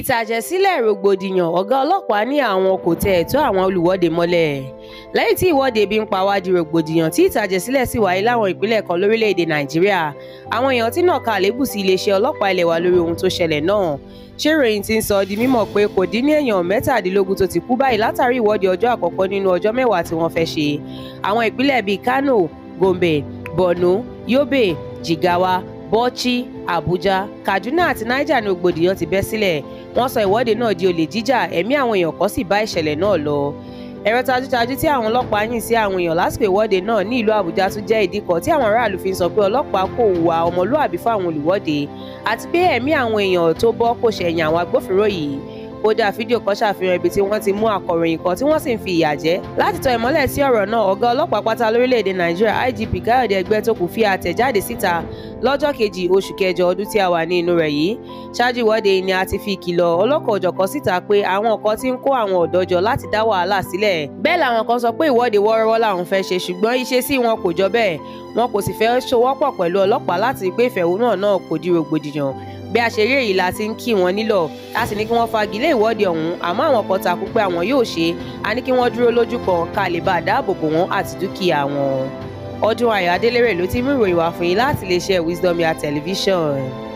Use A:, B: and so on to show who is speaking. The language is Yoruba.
A: ìtàjẹ̀sílẹ̀ rògbòdìyàn ọ̀gá ọlọ́pàá ní àwọn kò tẹ ẹ̀tọ́ àwọn olùwọ́de mọ́lẹ̀ lẹ́yìn tí ìwọ́de bí ń pa wá di rògbòdìyàn tí ìtàjẹ̀sílẹ̀ sì wáyé láwọn ìpínlẹ̀ kan lórílẹ̀‐èdè nàìjíríà àwọn èèyàn tí náà ka àlébù sí iléeṣẹ́ ọlọ́pàá ilẹ̀ wa lórí ohun tó ṣẹlẹ̀ náà ṣé ìròyìn ti ń sọ di mímọ̀ pé kò dín ní èèyàn mẹ́tàdínlógún tó ti kú báyìí látàrí ìwọ́de yobe jigawa Bauchi Abuja Kaduna àti Niger ní rògbòdìyàn ti bẹ́ sílẹ̀ wọ́n sọ ìwọ́de náà di olè jíjà ẹ̀mí àwọn èèyàn kan sì bá ìṣẹ̀lẹ̀ náà lọ ẹ̀rọ tajútajú tí àwọn ọlọ́pàá yìn sí àwọn èèyàn lásìkò ìwọ́de náà ní ìlú Àbújá tún jẹ́ ìdí kan tí àwọn aráàlú fi ń sọ pé ọlọ́pàá kò hùwà ọmọlúàbí fáwọn olùwọ́de àti pé ẹ̀mí àwọn èèyàn tó bọ́ kò ṣẹ̀yìn àwọn agbófinró yìí kódà fídíò kan ṣàfihàn ibi tí wọ́n ti mú akọ̀ròyìn kan tí wọ́n sì ń fi ìyà jẹ. láti tọ ìmọ́lẹ̀ sí ọ̀rọ̀ náà ọ̀gá ọlọ́pàá pátá lórílẹ̀‐èdè nàìjíríà igp káyọ̀dé ẹgbẹ́tókùn fi àtẹ̀jáde síta lọ́jọ́ kejì oṣù kẹjọ ọdún tí a wà ní inú rẹ̀ yìí ṣáájú ìwọ́de ni a ti fi ìkìlọ̀ ọlọ́kọ̀-òjọ̀kan síta pé àwọn kan ti ń kó àwọn ọ̀dọ́ jọ láti dá wàhálà sílẹ̀ bẹ́ẹ̀ làwọn kan sọ pé ìwọ́de wọ́ọ́rọ́wọ́ làwọn fẹ́ ṣe ṣùgbọ́n ìṣesí wọn kò jọ bẹ́ẹ̀ wọn kò sì fẹ́ ṣọwọ́pọ̀ pẹ̀lú ọlọ́pàá láti pé ìfẹ̀hónúhàn náà kò di rògbòdìyàn bí a ṣe rí èyí la ti ń kí wọn nílọ̀ a sì ní kí wọ́n fagilé ìwọ́de ọ̀hún àmọ́ àwọn kan takú pé àwọn yóò ṣe a ní kí wọ́n dúró lójú kan ká lè bá a dáàbò bò wọ́n àti dúkìá wọn. Ọdún Ayọ̀ Adélèrè ló ti mú ìròyìn wá fún yín láti iléeṣẹ́ Wisdom ya television.